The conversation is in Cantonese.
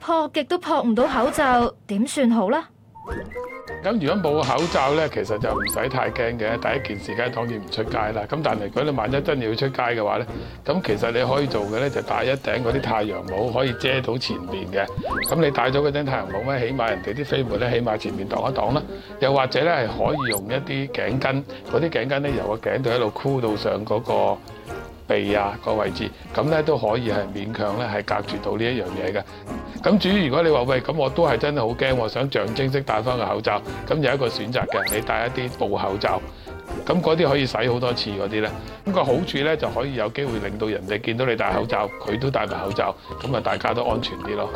撲極都撲唔到口罩，點算好呢？咁如果冇口罩呢，其實就唔使太驚嘅。第一件事，梗係當然唔出街啦。咁但係如果你萬一真係要出街嘅話呢，咁其實你可以做嘅呢，就戴一頂嗰啲太陽帽，可以遮到前面嘅。咁你戴咗嗰頂太陽帽呢，起碼人哋啲飛沫呢，起碼前面擋一擋啦。又或者呢，係可以用一啲頸巾，嗰啲頸巾呢，由個頸度喺度箍到上嗰個鼻啊、個位置，咁呢，都可以係勉強呢，係隔住到呢一樣嘢嘅。咁至於如果你話喂，咁，我都係真係好驚，我想象徵式戴翻個口罩，咁有一個選擇嘅，你戴一啲布口罩，咁嗰啲可以洗好多次嗰啲呢。咁個好處呢，就可以有機會令到人哋見到你戴口罩，佢都戴埋口罩，咁啊大家都安全啲咯。